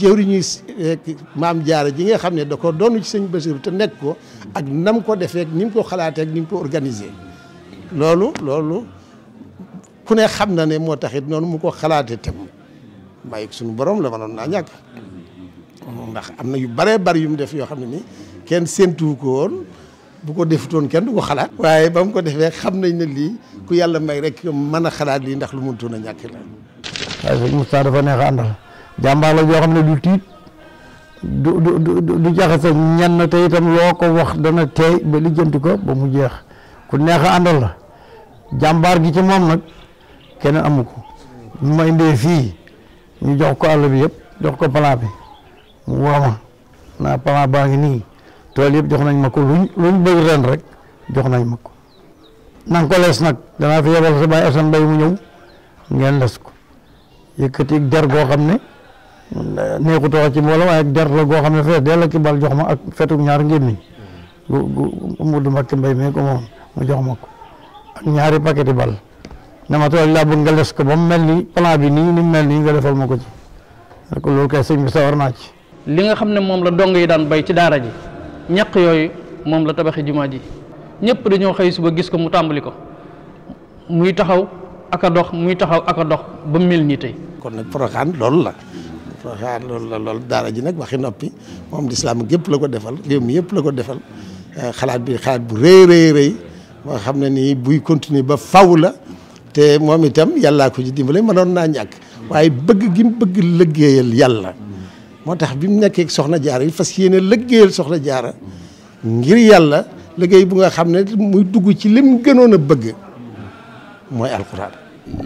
jëwriñuy eh, maam jaara ji nga xam ne da ko doonu ci sëñ Basiru te nekk ko ak nam ko defeek ni mu ko xalaatee ak ni ko organisé loolu loolu ku ne xam na ne moo taxit noonu mu ko xalaatee te may suñu borom la mënoon naa ñàkk ndax am na yu bare bari yu mu def yoo xam ne nii kenn séentuwu ko woon bu ko defutoon kenn du ko xalaat waaye ba mu ko defee xam nañ ne lii ku yàlla may rek mën a xalaat lii ndax lu mënutoon a ñàkk la waaye sëñ Moustapha dafa neex àndal jàmbaar la joo ne du tit du du du du ñan na tay tam loo ko wax dana tay ba lijjanti ko ba mu jeex ku neex andal la jambar gi ci mom nak keneen amuko may ndé ma ñu jox ko Allah bi yépp jox ko plan bi mu wama na plan ba ngi ni tol yépp jox nañ mako luñ luñ bëgg ren rek jox nañ mako nang na ko les nak dana fi yebal sa bay asan bay mu ñew ngeen les ko yëkëti der go xamne ne neexut a wax ci mbooloo waaye der goo xam ne fees dell ki bal jox ma ak fetu ñaar ngémmiñ gu gu mu makk mbay mi ko moom mu jox ma ko ak ñaari paqueti bal ne ma toog laa nga les ko ba mu mel ni bi nii ni mel nii nga defal ko ci rek loolu kay sëñ bi sawar naa ci. li nga xam ne moom la dong yi daan bay ci daara ji ñaq yooyu moom la tabaxi jumaa ji ñëpp dañoo xëy gis ko mu tàmbali ko muy taxaw ak a dox muy taxaw ak a dox ba mel nii tey. kon nag Porokhane loolu la. waaw loolu la loolu daara ji nag waxi noppi moom di lislaam gépp la ko defal réew yëpp la ko defal eh, xalaat bi xalaat bu rëy rëy rëy moo xam ne nii buy continuer ba faw la te moom itam yàllaa ko ci dimbale mënoon naa ñàkk waaye bëgg gi mu bëgg liggéeyal yàlla moo tax bi mu nekkee soxna jaara yi fas yéene liggéeyal soxna jaara ngir yàlla léggéey bu nga xam ne muy dugg ci lim gënoon a bëgg mooy alxuraan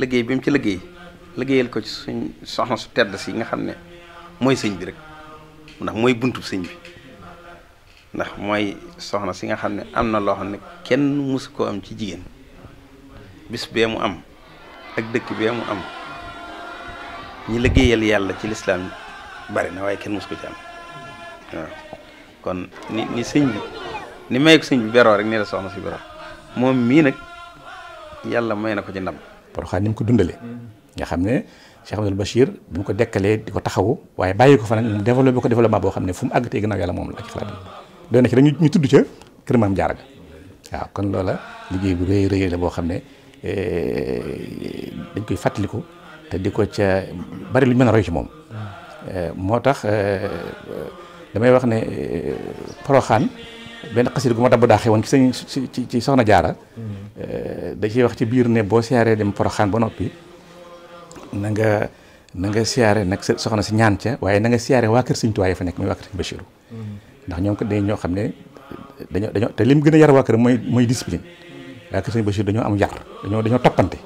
liggéey bi mu ci liggéey liggéeyal ko ci suñ soxna su tedd si nga xam ne mooy sëñ bi rek ndax mooy buntu sëñ bi ndax mooy soxna si nga xam ne am na loo xam ne kenn mësu koo am ci jigéen bis bee mu am ak dëkk bee mu am ñi liggéeyal yàlla ci lislaam bari na waaye kenn mësu ko ci am kon ni ni sëñ bi ni may ko sëñ bi beroo rek ni la soxna si beroo moom mii nag yàlla may na ko ci ndam. Porokhane ni mu ko dundalee. nga xam ne Cheikh Abdoul Bachir bu ko dekkalee di ko taxawu waaye bàyyi ko fa nag mu ko développement boo xam ne fu mu àgg tey gannaaw yàlla moom la ak xalaatam doy ci rek ñu tudd ca kër maam Jaara ga kon loola liggéey bu rëy boo xam ne eh, dañ koy fàttaliku te di ko ca bari lu ñu mën a roy ci moom eh, moo tax eh, damay wax ne Poroxaan benn xasida gu ma dabb daaxee ci sëñ ci soxna jaara mm-hmm. da ciy wax ci biir ne boo siyaaree dem Poroxaan ba noppi na nga na nga siyaare nag soxna si ñaan ca waaye na nga siyaare waa kër sëñ Tuubaa yi fa nekk muy waa kër sëñ Bachirou mm-hmm. ndax ñoom ko day ñoo xam ne dañoo dañoo te lim gën a yar waa kër mooy mooy discipline waa kër sëñ Bachirou dañoo am yar dañoo dañoo toppante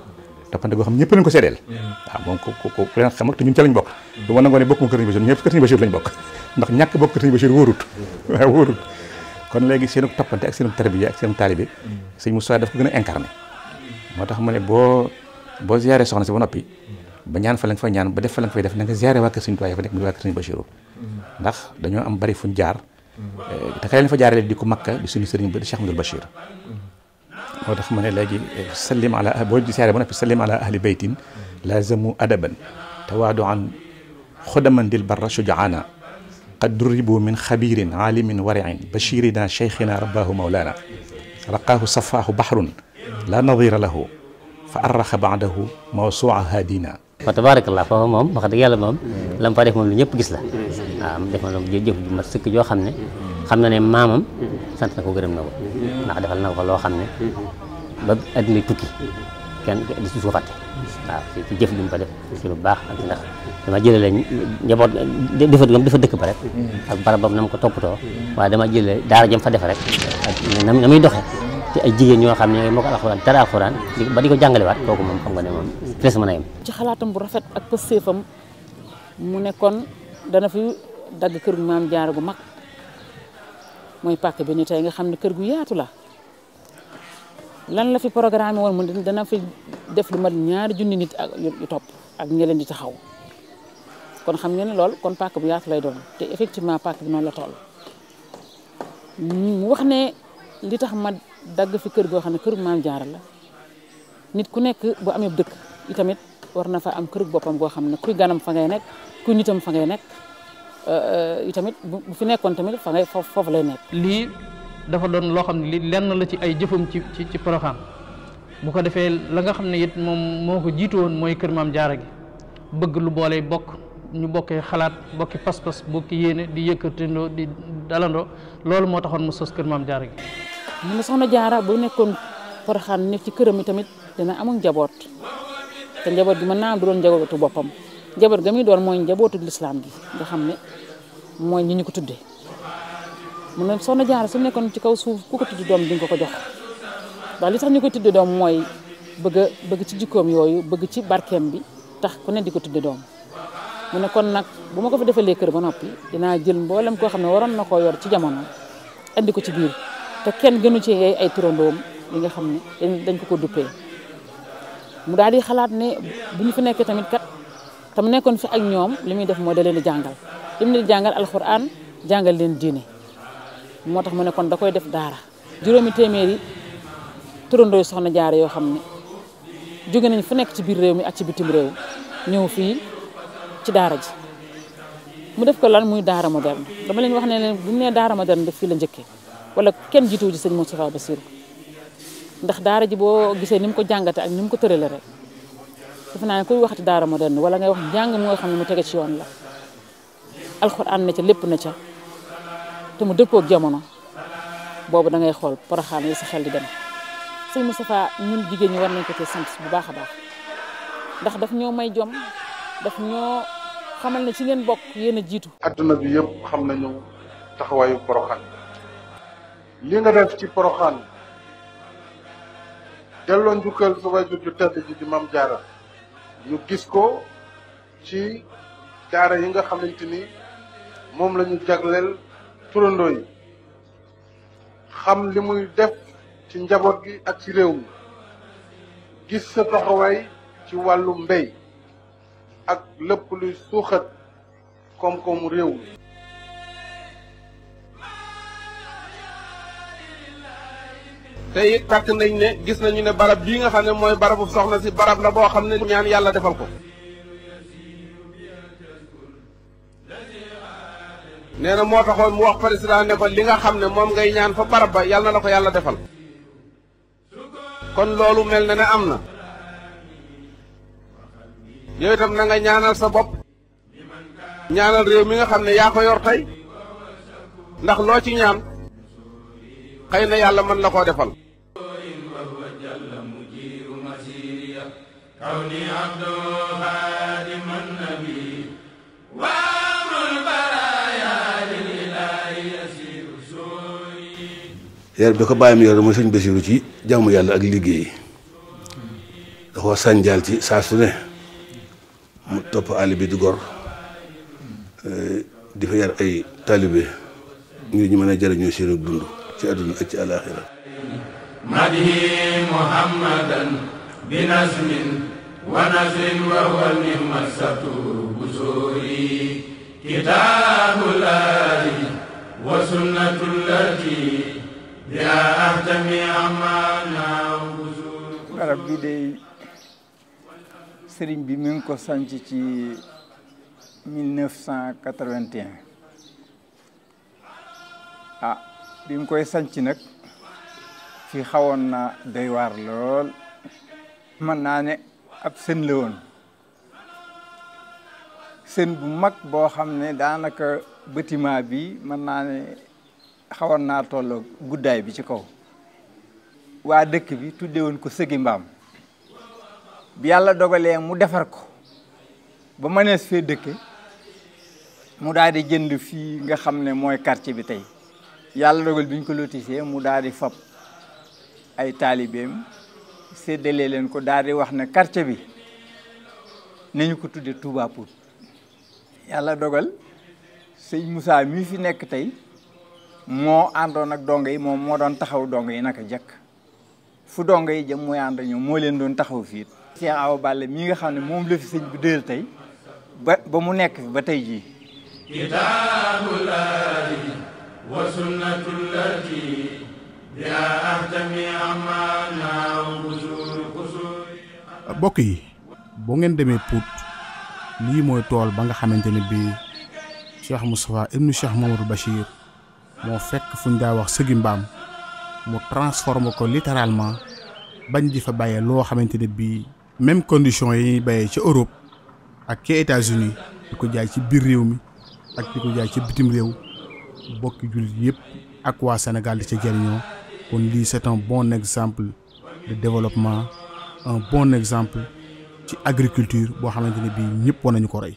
toppante goo xam ñëpp lañ ko seedeel mm-hmm. waaw moom ku ku leen xam ak te bokk mm-hmm. du ma nangoo ne bokkuma kër sëñ Bachirou ñëpp kër sëñ bokk ndax ñàkk bokk kër sëñ Bachirou wóorut waaw wóorut kon léegi seenu toppante ak seenu tarbiya ak seenu taalibe sëñ Moussa daf ko gën a incarné moo tax ma ne boo boo siyaare soxna si ba noppi بنيان فلان فنيان بدي فلان فيدا فلان زيارة واقع سنتوا يا فلان واقع سنتوا بشرو دخ دنيو أم بري فنجار تخيل فجار اللي ديكو مكة دي سنو سرين بدي شيخ مدر بشير ودخ من اللي سلم على بوجي زيارة بنا سلم على أهل بيت لازموا أدبا توادعا خدما دي البرة شجعانا قد دربوا من خبير عالم ورع بشيرنا شيخنا رباه مولانا رقاه صفاه بحر لا نظير له فأرخ بعده موسوعة هادينا fa tabaarakallaa foofa moom wax dëgg yàlla moom la mu fa def moom lu ñëpp gis la waaw def na lu sëkk joo xam ne xam na ne maamam sant na ko gërëm na ko ndax defal na ko loo xam ne ba adduna tukki kenn di su fàtte waaw jëf li mu fa def si lu baax ak ndax dama jëlale njaboot defat gam dafa dëkk ba rek ak barabam na mu ko toppatoo waaye dama jëlale daara jëm fa def rek na muy doxe ci ay jigéen ñoo xam ne moo ko alxuraan dara alxuraan ba di ko jàngalewaat kooku moom xam nga ne moom des mën a yem ci xalaatam bu rafet ak pëstéefam mu ne kon dana fi dagg kër gu maam jaar gu mag mooy pàkk bi ni tey nga xam ne gu yaatu la lan la fi programme woon mu dana fi def lu mat ñaari junni nit ak yu topp ak ñi di taxaw kon xam ngeen ne lool kon pàkk bu yaatu lay doon te effectivement pàkk bi noonu la toll mu wax ne li tax ma dagg fi kër goo xam ne kër maam jaara la nit ku nekk bu amee dëkk itamit war na fa am kër boppam goo xam ne kuy ganam fa ngay nekk kuy nitam fa ngay nekk euh, euh, itamit bu fi nekkoon tamit fa ngay foofu lay nekk. lii dafa doon loo xam ne lii lenn la ci ay jëfam ci ci ci Porokhane bu ko defee la nga xam ne it moom moo ko jiitu woon mooy kër maam jaara gi bëgg lu boole bokk ñu bokkee xalaat bokki pas-pas bokki yéene di yëkkatindoo di dalandoo loolu moo taxoon mu sos kër jaara gi. mu ne soxna jaara bu nekkoon poroxaan nekk ci këram yi tamit dina amul njaboot te njaboot gi man naa am du doon njabootu boppam njaboot ga muy doon mooy njabootu lislaam gi nga xam ne mooy ñi ñu ko tuddee mu ne soxna jaara su nekkoon ci kaw suuf ko tudd doom di nga ko ko jox ndax li tax ñu koy tuddee doom mooy bëgg bëgg ci jikkoom yooyu bëgg ci barkeem bi tax ku ne di ko tuddee doom mu ne nag bu ma ko fi defalee kër ba noppi dinaa jël mboolem koo xam ne waroon na koo yor ci jamono indi ko ci biir te kenn gënu ci yey ay turandoom yi nga xam ne dañ ko ko duppee mu daal di xalaat ne bu ñu fi nekkee tamit kat tam nekkoon fi ak ñoom li muy def mooy da leen di jàngal li mu leen jàngal leen diine moo tax mu ne da koy def daara juróomi téeméeri turandoo soxna jaare yoo xam ne jóge nañ fu nekk ci biir réew mi ak ci bitim réew ñëw fii ci daara ji mu def ko lan muy daara moderne dama leen wax ne leen bu ñu nee daara moderne def fii la njëkkee wala kenn jiituwu ci sëñ Moustapha Bassirou ndax daara ji boo gisee ni mu ko jàngate ak ni mu ko tërale rek defe naa ne kuy waxati moo moderne wala ngay wax njàng moo xam ne mu tege ci yoon la alxuraan na ca lépp na ca te mu dëppoog jamono boobu dangay xool poroxaan yi sa xel di dem sëñ Moustapha ñun jigéen ñi war nañ ko cee sant bu baax a baax ndax daf ñoo may jom daf ñoo xamal ne ci ngeen bokk yéen jiitu. adduna bi yëpp xam nañu taxawaayu poroxaan li nga def ci poroxaan delloo njukkal sa waajur ju tedd ji di Maam ñu gis ko ci daara yi nga xamante ni moom lañu ñu jagleel turandoo xam li muy def ci njaboot gi ak ci réew mi gis sa taxawaay ci wàllu mbéy ak lépp luy suuxat koom-koomu réew mi te it nañ ne gis nañu ne barab bii nga xam ne mooy barabu soxna si barab la boo xam ne ñaan yàlla defal ko. nee na moo taxoon mu wax président ne ko li nga xam ne moom ngay ñaan fa barab ba yàlla na la ko yàlla defal. kon loolu mel na ne am na. yow itam na nga ñaanal sa bopp. ñaanal réew mi nga xam ne yaa ko yor tey. ndax loo ci ñaan. xeyna yalla man la ko defal yar bi ko bàyyam yor mooy sëñ Basiiru ci jàmm yàlla ak liggéey da koo sànjaal ci saa su ne mu topp bi di gor eh, di fa yar ay taalibe ngir ñu mën a seenu ci àdduna ak ci muhammadan bi nasmin wa nasrin wa huwa nimmasatu busuri kitaabullahi wa sunnatullati ya ahtami amana barab bi day sëriñ bi mi ngi ko sanci ci 1981 ah bi koy sanc nag fi xawoon na doy lool mën naa ne ab sën la woon sën bu mag boo xam ne daanaka bâtiment bi mën naa ne xawoon naa tolloo guddaay bi ci kaw waa dëkk bi tudde woon ko sëgi mbaam bi yàlla dogalee mu defar ko ba mënees fee dëkke mu daal di jënd fii nga xam ne mooy quartier bi tey yàlla dogal bi ñu ko lotissé mu daal di fab ay taalibeem séddale leen ko daal wax na quartier bi nañu ko tudde Touba Pout dogal sëñ Moussa mii fi nekk tey moo àndoon ak dongo yi moom moo doon taxaw dongo yi naka jëkk fu dongo yi jëm mooy ànd ñoom moo leen doon taxaw fii Cheikh Awa Balla mii nga xam ne moom la fi sëñ bu déel tey ba mu nekk fi ba tey jii وسنة التي بها أهتمي أمانا وجود خصوصية بوكي بونغن دمي بوت لي موي تول باغا خامتيني بي شيخ مصطفى ابن شيخ محمد البشير مو فك فون دا واخ سيغي مبام مو ترانسفورم كو ليترالمون باغ دي فا باي لو خامتيني بي ميم كونديسيون يي باي سي اوروب ak ci états unis diko jaay ci bir réew mi ak diko jaay ci bitim bokki jullit yëpp ak waa Sénégal di ci jëriñoo kon lii c'est un bon exemple de développement un bon exemple ci agriculture boo xamante ne bii ñëpp war nañu ko rey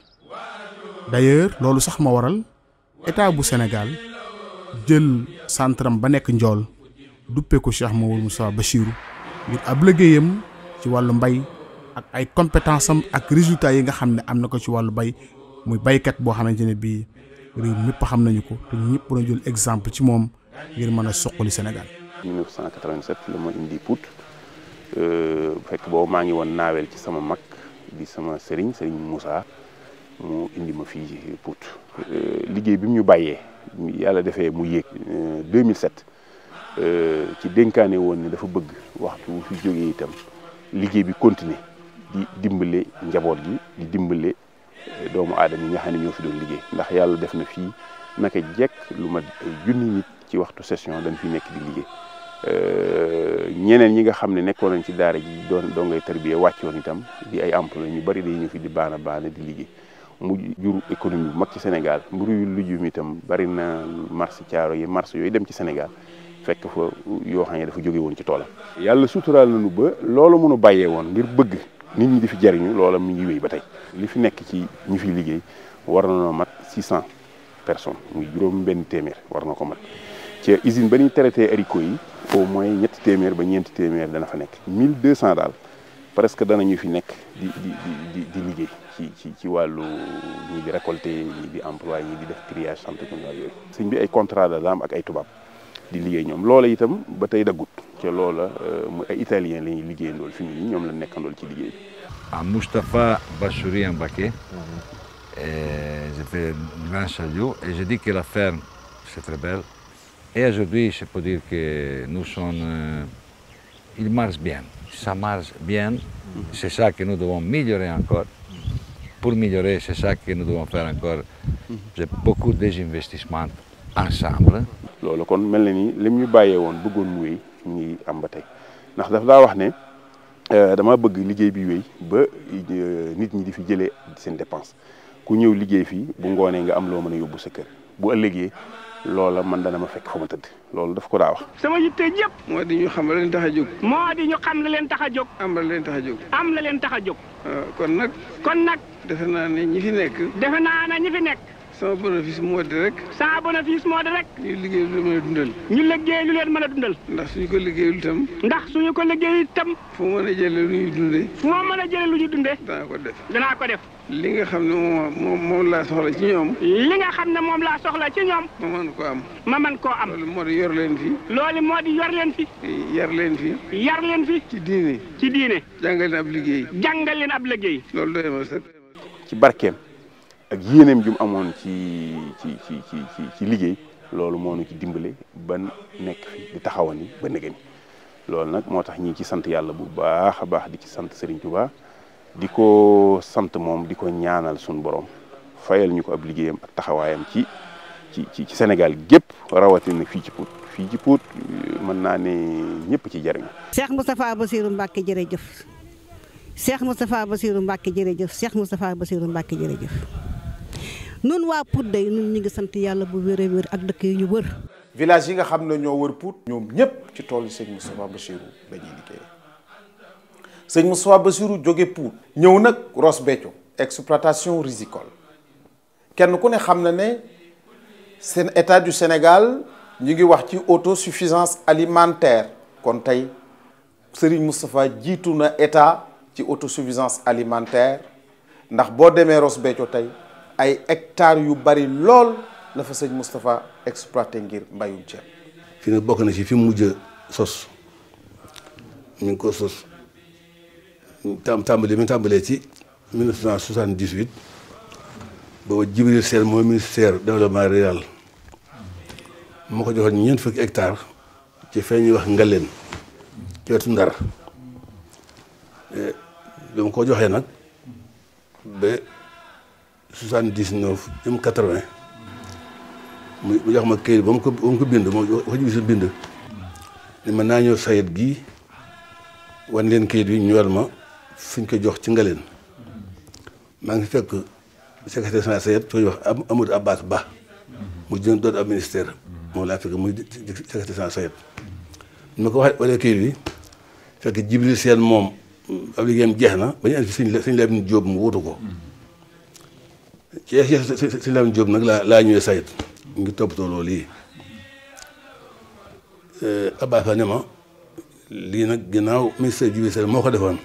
d'ailleurs loolu sax ma waral état bu Sénégal jël centram ba nekk njool duppee ko Cheikh Mamadou Moustapha Bachirou ngir ab liggéeyam ci wàllu mbay ak ay compétence am ak résultats yi nga xam ne am na ko ci wàllu mbay muy baykat boo xamante ne bii réew ñëpp xam nañu ko te ñëpp na jël exemple ci moom ngir mën a soqali Sénégal. 1987 la ma indi Pout euh, bu fekk boobu maa ngi woon naaweel ci sama mag di sama sëriñ sëriñ Moussa mu indi ma fii Pout. Euh, liggéey bi mu ñu bàyyee yàlla defee mu yéeg. 2007 euh, ci dénkaane woon ne dafa bëgg waxtu wu fi jógee itam liggéey bi continuer di dimbale njaboot gi di dimbale. doomu aadama yi nga xam ne ñoo fi doon liggéey ndax yàlla def na fii naka jekk lu mat junni nit ci waxtu session dañ fi nekk di liggéey euh, ñeneen ñi nga xam ne nekkoon nañ ci daara ji doon doo ngay tarbiya wàccoon itam di ay emploi ñu bari dañu fi di baana baana di liggéey mu jur économie bu mag ci Sénégal mburu yu luju mi itam bari na marché caaro yi marché yooyu dem ci Sénégal fekk fa yoo xam ne dafa jóge woon ci toolam. yàlla suturaal nañu ba loolu mënu bàyyee ngir bëgg. nit ñi di fi jariñu loola mu ngi wéy ba tey li fi nekk ci ñi fiy liggéey war na noo mat 600 personnes muy juróom benn téeméer war na ko mat ci usine ba ñuy traité haricot yi au moins ñetti téeméer ba ñeenti téeméer dana fa nekk mille 1200 daal presque danañu fi nekk di di di di liggéey ci ci ci wàllu ñi di récolter ñi di emploi ñi di def triage santé communale yooyu bi ay contrat la daam ak ay tubaab di liggéey ñom loola itam ba tey dagut ci loola euh, mu ay italien la ñuy liggéeyandool fi mu nii ñoom la nekkandool ci liggéey bi. Moustapha Baké, j'ai fait grand chariot et j'ai dit que la ferme c'est très belle. Et aujourd'hui, je peux dire que nous sommes. Euh, il marche bien. Ça marche bien. Mhm. C'est ça que nous devons améliorer encore. Pour améliorer, c'est ça que nous devons faire encore. Mhm. J'ai beaucoup d'investissements ensemble. loolu kon mel na ni lim ñu bàyyee woon bëggoon mu wéy ñu am ba tey ndax daf daa wax ne euh, dama bëgg liggéey bi wéy ba euh, nit ñi di fi jëlee seen dépense ku ñëw liggéey fii bu ngoonee nga am loo mën a yóbbu sa kër bu ëllëgee loola man dana ma fekk fa ma tëdd loolu daf ko daa wax. sama yitte yëpp. moo di ñu xam la leen tax a jóg. moo di xam la leen tax a jóg. am la leen tax a jóg. am leen tax a jóg. Ah, kon nag. kon nag. defe naa ñi fi nekk. defe naa ñi fi nekk. sama bénéfice moo di rek. sa bénéfice moo di rek. ñu liggéey lu leen mën a dundal. ñu liggéey lu leen mën a dundal. ndax suñu ko liggéeyul tam ndax suñu ko liggéeyul itam. fu mu mën a jëlee lu ñuy dundee. fu mu mën a jëlee lu ñuy dundee. danaa ko def danaa ko def. li nga xam ne moom moom laa soxla ci ñoom. li nga xam ne moom laa soxla ci ñoom. ma man koo am. ma man koo am. loolu moo di yor leen fi. loolu moo di yor leen fi. yar leen fi. yar leen fi. ci diine. ci diine. jàngal leen ab liggéey. jàngal leen ab liggéey. loolu doy ma sëkk. ci barkeem. ak yéeneem ju amoon ci ci ci ci ci ci liggéey loolu moo nu ci dimbale ba nekk fi di taxawan ni ba negani loolu nag moo tax ñi ci sant yàlla bu baax a baax di ci sant Serigne Touba di ko sant moom di ko ñaanal suñu borom fayal ñu ko ab liggéeyam ak taxawaayam ci ci ci ci Sénégal gépp rawatina fii ci Pout fii ci Pout mën naa ne ñëpp ci jariñ Cheikh Moustapha Bassirou Mbacke jërëjëf Cheikh Moustapha Bassirou Mbacke jërëjëf Cheikh Moustapha Bassirou Mbacke jërëjëf nun waa Pout day nun ñu ngi sant yalla bu wér a wér ak dëkk yi ñu wër. village yi nga xam ne ñoo wër Pout. ñoom ñëpp ci tool yi sëñ Moustapha Bassirou la ñuy liggéey sëñ Moustapha Bassirou jóge Pout. ñëw nag Ross Béthio exploitation rizicole kenn ku ne xam na ne sen état du Sénégal ñu ngi wax ci autosuffisance alimentaire kon tey Serigne Moustapha jiitu na état ci autosuffisance alimentaire ndax boo demee Ross Béthio tey. ay hectares yu bari lool la fa sëñ Moustapha exploité ngir mbayum ceeb. fi ne bokk na ci fi mu mujj sos mi ngi ko sos tam tàmbali mi tàmbalee ci 1978 booba Jibril Sène mooy ministère développement rural moo ko joxoon ñeent fukki hectares ci fee ñuy wax Ngaleen ci wetu Ndar eh, bi ma ko joxee nag 79 jëm 80 mu jox ma këyit ba mu ko ba mu ko bind ma wax ji bisul bind ni naa ñëw sayet gi wan leen këyit bi ñu wel ma fuñ ko jox ci nga leen maa ngi fekk secrétaire général sayet soo wax Amadou Abbas Ba mu jën doon ab ministère moom laa fekk muy secrétaire général sayet ma ko wax wala këyit bi fekk Jibril Seen moom ab liggéeyam jeex na ba ñu andi fi sëñ Lamin Jóob mu wutu ko ci Cheikh si nag laa laa ñëwee sayt ngi toppatoo loolu yi euh, Abafa ne ma lii nag ginnaaw ministère du ministère moo ko defoon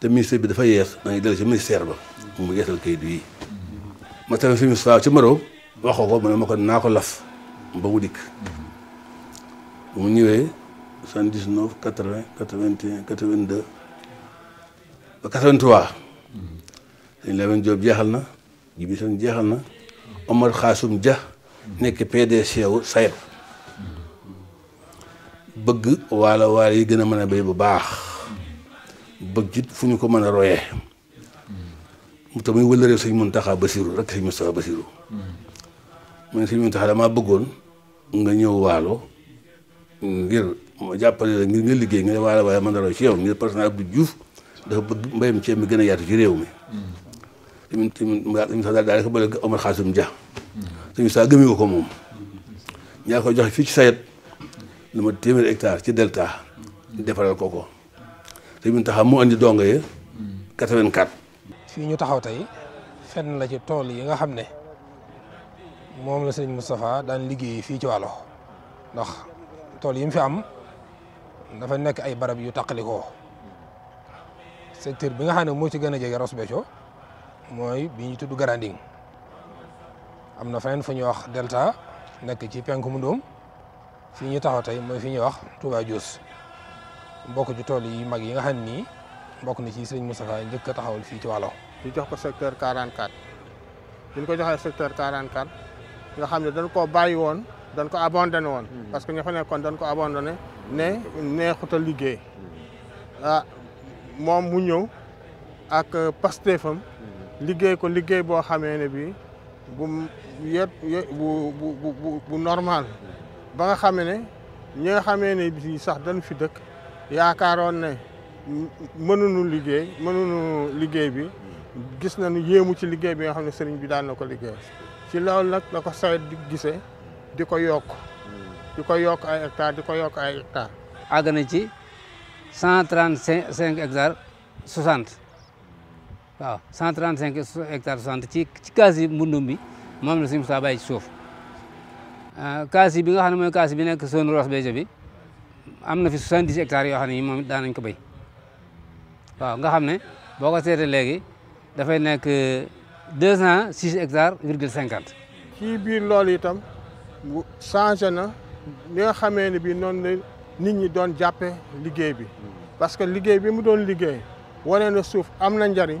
te ministère bi dafa yees dañuy dellu ci ministère ba mu yeesal kayit yi ma tamit fi mu saa ci Maro waxoo ko mu ne ma ko naa ko laf ba dikk bu mu ñëwee soixante dix neuf quatre vingt quatre vingt un quatre vingt trois. Sëñ Lamine Diop jeexal na. jibi sëñ Omar Khasum jah, Nek pdc wu sayet bëgg wala wala yi gëna mëna bay bu baax bëgg it fuñu ko mëna royé royee mu tamuy wëlëree sëñ muntaha Basiru rek sëñ Mustafa Basiru mu sëñ Muntaxa bëggoon nga ñëw walo ngir ma jappalé ngir nga liggéey nga wala wala mëna roy ci yow ngir personnel Abdou Diouf dafa bëgg mbayam ci mi gëna ci réew mi tamit tamit mu daal di ko bële Omar Xaasim Dia. sëñ bi saa gëmee ko moom. ñaa koy joxe fii ci sayet lu ma téeméeri hectare ci delta defaral ko ko sëñ bi taxaw mu andi dongo yi fii ñu taxaw tey fenn la ci tool yi nga xam ne moom la sëñ Moustapha daan liggéey fii ci wàllo ndax tool yi mu fi am dafa nekk ay barab yu taqalikoo secteur bi nga xam ne moo ci gën a jege Ross Béthio moy bi ñu tudd Garanding amna na feneen fu ñuy wax delta nek ci penku mu ndóom fi ñu taxaw tay moy fi ñuy wax Touba Dios mbok ju tool yi mag yi nga xam nii mbokk na ci serigne Moustapha ñeuk taxawul fi ci walo ñu jox ko secteur 44 bi ñu ko joxe secteur 44 nga xam ne dañ ko bayyi won dañ ko abandonné won hmm. parce que ñu fa nekkon dañ ko abandonné ne neexut a liggéey hmm. ah mom mu ñew ak euh, pastefam hmm. liggéey ko liggéey boo xamee ne bi bu normal ba nga xamee ne ñi nga xamee ne bi sax dañ fi dëkk yaakaaroon ne mënuñu liggéey mënuñu liggéey bi gis nañu yéemu ci liggéey bi nga xam ne sëriñ bi daal na ko liggéey ci loolu nag la ko sawet di gisee di ko yokk di ko yokk ay hectares di ko yokk ay hectares àgg na ci cent trente cinq hectares soixante waaw 135 hectares 60 ci ci kaas yi mbundum bi moom la suñu saa bàyyi ci suuf kaas euh, bi nga xam ne mooy kaas bi nekk zone Ross Béthio bi am na fi 70 hectares yoo xam ne yi moom it daan ko béy nga xam ne boo ko seetee léegi dafay nekk 206 hectares virgule 50. ci biir loolu itam changé na li nga xamee ne bii noonu la nit ñi doon jàppe liggéey bi hmm. parce que liggéey bi mu doon liggéey wane na suuf am na njariñ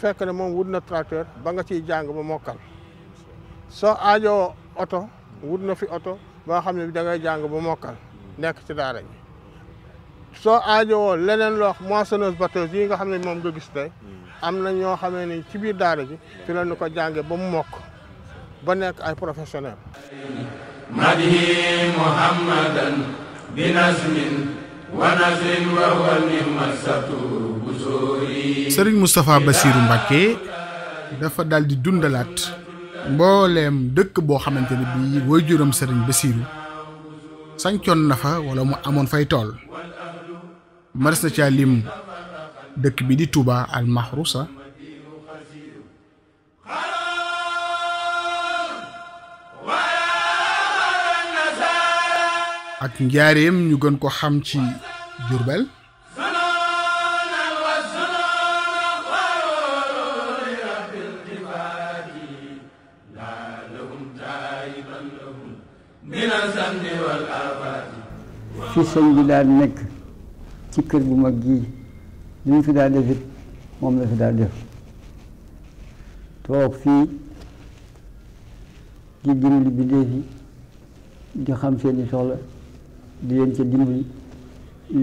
fekk ne moom wut na tracteur ba nga ciy jàng ba mokkal soo aajoo oto wut na fi oto ba nga xam ne da ngay jàng ba mokkal nekk ci daara ji soo aajowoo leneen loo moissonneuse batteuse yi nga xam ne moom nga gis tey am na ñoo xamee ni ci biir daara ji fi la ñu ko jànge ba mu mokk ba nekk ay professionnel madhi muhammadan bi nasmin wa nasrin wa huwa ni'mat satu sëriñ Moustapha Bassirou Mbacké dafa daldi di dundalaat mbooleem dëkk boo xamante ne bii waajuram sëriñ Bassirou sancoon na fa wala mu amoon fay tool mars na ca lim dëkk bi di Touba al Mahrousa ak njaareem ñu gën ko xam ci Diourbel fi sëñ bi daal nekk ci kër bu mag gii li mu fi daal def moom la fi daal def toog fii di dimbali bindee fi di xam seeni soxla di leen ca dimbali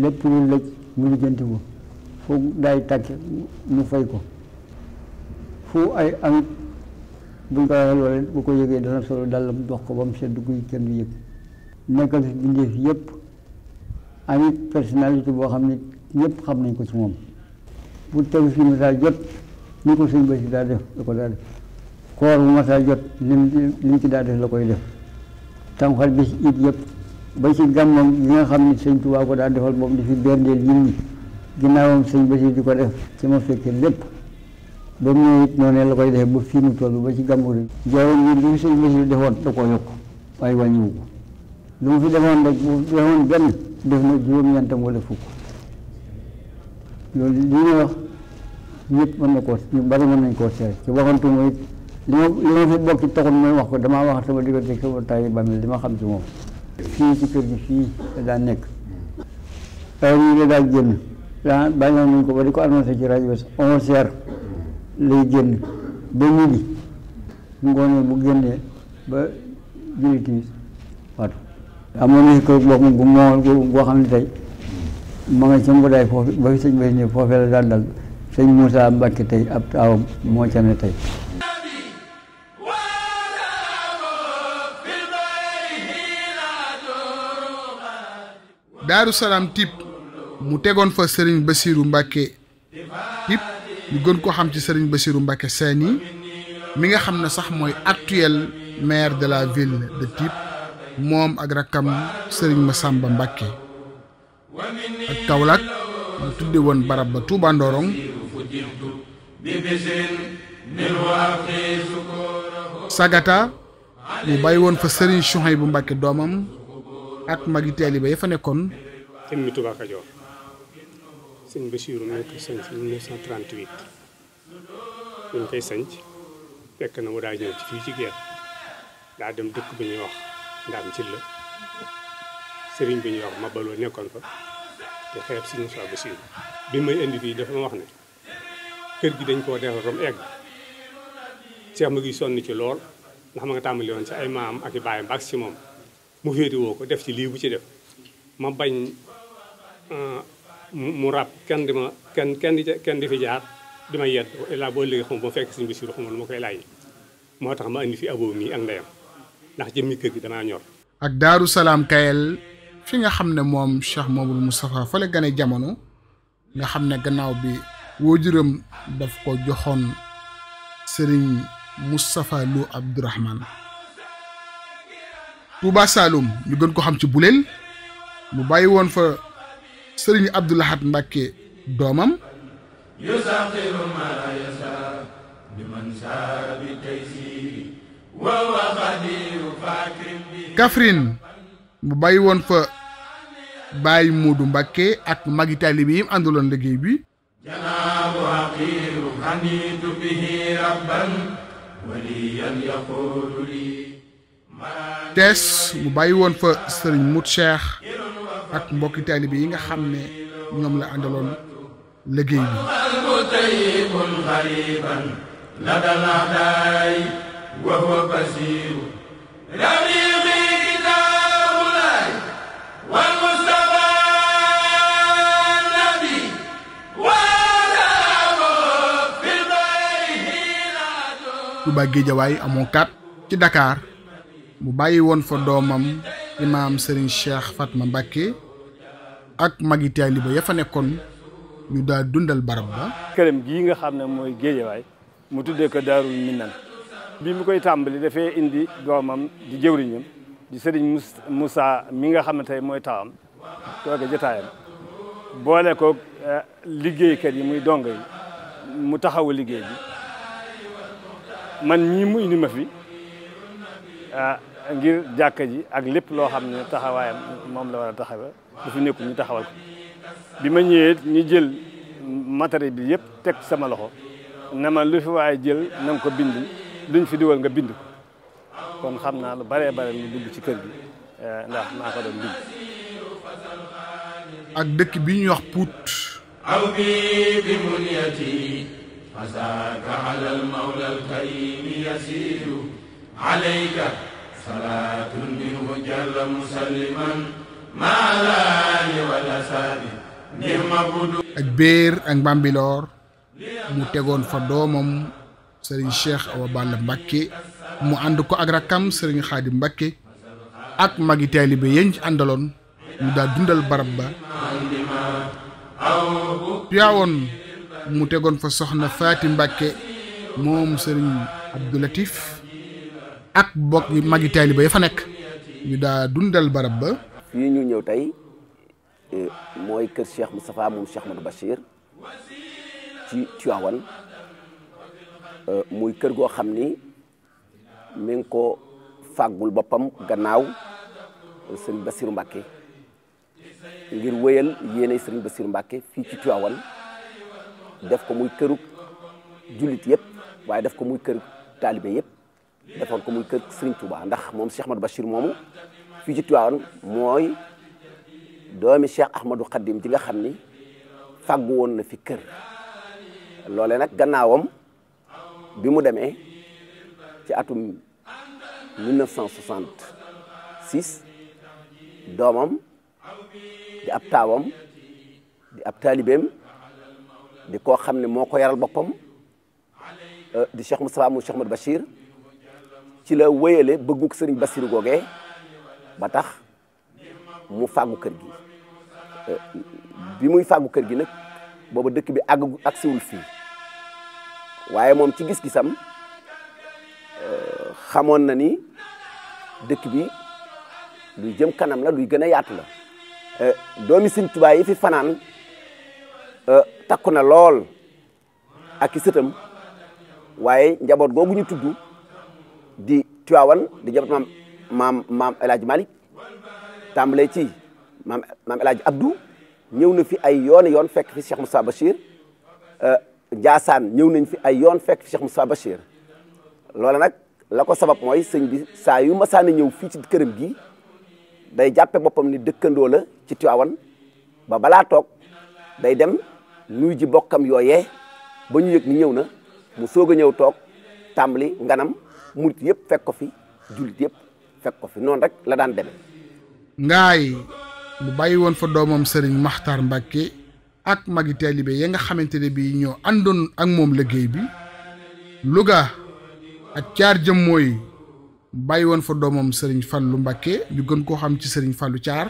lépp lu lëj mu lijjanti ko foo daay tàkke mu fay ko fu ay am buñ ko waxee loolu bu ko yëgee dana solo dàllam dox ko ba mu sedd guy kenn du yëg nekkal fi bindeef yëpp am it personnalité boo xam ne ñëpp xam nañ ko ci moom bu tegu fi masaa jot ni ko sëñ Basi daa def la ko daa def masaa jot lim lim ci daa def la koy def tamxal bi it yëpp ba si gàmmam yi nga xam ne sëñ Tuubaa ko daa defal moom di fi berndeel nit ñi ginnaawam sëñ Basi di ko def ci ma fekkee lépp ba mu it noonu la koy defee ba fii mu toll ba ci gàmmu rek jaww ji li sëñ Basiru defoon da ko yokk waaye wàññiwu ko lu mu fi defoon rek bu defoon benn def na juróom-ñeentam wala fukk loolu li ma wax ñëpp mën na koo ñu bari mën nañ koo seere ci waxantuma it li ma li ma fi bokk taxul mooy wax ko damaa wax sama diggante sama tayi bàmmeel li ma xam ci moom fii ci kër gi fii la daan nekk heure yi la daal génn daa bàyyi nañ ko ba di ko annoncé ci rajo bi onze heures lay génn ba ñibbi ngoonee bu génnee ba julli timis waatu amoon na si kër boppam bu moo boo xam ne tey ma nga ci mbuddaay foofu ba fi sëñ bay ne foofee la daan dal sëñ Moussa Mbacke tey ab taawam moo ca ne tey tegoon fa Serigne Bassirou ñu gën ko xam ci Serigne Bassirou Mbacké Sany mi nga xam ne sax mooy actuel maire de la ville de Typ moom ak rakkam Serigne Massamba Mbacké ak Kaolack mu tudde woon barab ba Touba Ndorong Sagata mu bàyyi woon fa Serigne bu Mbacké doomam ak magi taalibe ya fa nekkoon. sëñ Bachirou moo ko sanc 1938 bi ñu koy sanc fekk na mu daa ñëw ci fii ci geer daa dem dëkk bu ñuy wax ndaam sëriñ bi ñuy mabaloo nekkoon fa te xeeb sëñ Moussa bi may indi fii dafa wax ne gi dañ koo defar rom egg seex ma gi sonn ci lool ndax ma nga tàmbali woon ci ay maam ak i baayam baax ci moom mu féete woo ko def ci lii bu ci def ma bañ euh, mu rab kenn di ma kenn kenn kenn di fi jaar di ma yedd laa boo léegi xam bu fekk suñu bisiru xamul ma koy laaj moo tax ma indi fi aboo mii ak ndeyam ndax jëmmi kër gi damaa ñor ak daaru salaam kayel fi nga xam ne moom Cheikh Mamadou Moustapha fa la gane jamono nga xam ne gannaaw bi waajuram daf ko joxoon sëriñ Moustapha Lo Abdourahmane Touba Saloum ñu gën ko xam ci buleel mu bàyyi woon fa sëriñ Abdou Lahad Mbàkke doomam yusaxiru ma yasa bi man saa bi tey si wa wa xadiru bi Kaffrine mu bàyyi woon fa bàyyi Moodu Mbàkke ak magi taalibe yi mu àndaloon liggéey bi janaabu aqiru xanitu bihi rabban waliyan yaqulu li tees mu bàyyi woon fa sëriñ Mut Cheikh ak mbokki bi yi nga xam ne ñoom la àndaloon liggéey bi Touba Guédiawaye amoon kat ci dakaar mu bàyyi woon fa doomam imaam Serigne Cheikh Fatma Mbacke ak magi taaliba ya nekkoon ñu daal dundal barab ba. këram gii nga xam ne mooy géejawaay mu tuddee ko Daarul Minan bi mu koy tàmbali dafay indi doomam di jëwriñam di Serigne Moussa mi nga xam ne tey mooy tawam tooge jotaayam boole ko eh, liggéeykat yi muy dongo yi mu taxawu liggéey bi man ñii mu indi ma fi ah, ngir jàkka ji ak lépp loo xam ne taxawaayam moom la war a taxawa bu fi nekkul ñu taxawal ko bi ma ñëwee ñu jël matériel bi yëpp teg sama loxo na ma lu fi waaye jël na nga ko bind luñ fi diwal nga bind ko kon xam naa lu baree bare lu dugg ci kër gi eh, ndax maa ko doon bind ak dëkk bi ñuy wax Pout aw bi bi munyati fasaka ala mawla al karim yasiru alayka صلاة منه ak béer ak Bambilor mu tegoon fa doomam sëriñ Cheikh Awa mu ànd ko ak sëriñ Xaadim Mbacké ak magi taalibe yéen ci àndaloon ñu daal dundal barab tegoon fa soxna Faati Mbacké moom sëriñ Abdou ak bokk yi magi taaliba ya fa nekk ñu daa dundal barab ba fii ñu ñëw tey eh, mooy kër Cheikh Moustapha moom Cheikh Madou Bachir ci Tivaouane eh, muy kër goo xam ni mi ko fàggul boppam gannaaw sëriñ Bassirou Mbacké ngir wéyal yéene sëriñ Bassirou Mbacké fii ci Tivaouane def ko muy këru jullit yëpp waaye def ko muy këru taalibe yëpp defon ko muy keur Serigne Touba ndax mom Cheikh Ahmadou Bachir momu fi ci Tivaouane moy domi Cheikh Ahmadou Khadim ji nga xamni fagu won na fi keur lolé nak gannaawam bi mu démé ci atum 1966 domam di ab tawam di ab talibem di ko xamni moko yaral bopam di Cheikh Moustapha mu Cheikh Ahmadou Bachir ci la wéyale bëgguk sëriñ Bassirou googee ba tax mu fàggu kër gi euh, bi muy fàggu kër gi nag boobu dëkk bi àgg ak siwul fii waaye moom ci gis-gisam euh, xamoon na ni dëkk bi luy jëm kanam la luy gën a yaatu la euh, doomi Sëriñ Tuubaa yi fi fanaan takku na lool ak i sëtam waaye njaboot googu ñu tudd di Tiwaawan di jabat maam maam maam El Hadj ci maam maam El Hadj ñëw na fi ay yooni yoon fekk fi Cheikh Moussa Bachir euh, Ndiassane ñëw nañ fi ay yoon fekk fi Cheikh Moussa Bachir loola nag la ko sabab mooy sëñ bi saa yu masaana ñëw fii ci këram gi day jàppe boppam ni dëkkandoo la ci Tiwaawan ba balaa toog day dem nuy ji bokkam yooyee ba ñu ni ñëw na mu soog a ñëw toog tàmbali nganam murit yëpp fekk ko fi jullit yëpp fekk ko fi noonu rek la daan demee. ngaay bu bàyyi woon fa doomam sëriñ Maxtaar Mbàkke ak magi taalibe ya nga xamante ne bii ñoo àndoon ak moom liggéey bi Louga ak caar jëm mooy bàyyi woon fa doomam sëriñ Fallou Mbàkke ñu gën koo xam ci sëriñ Fallou Caar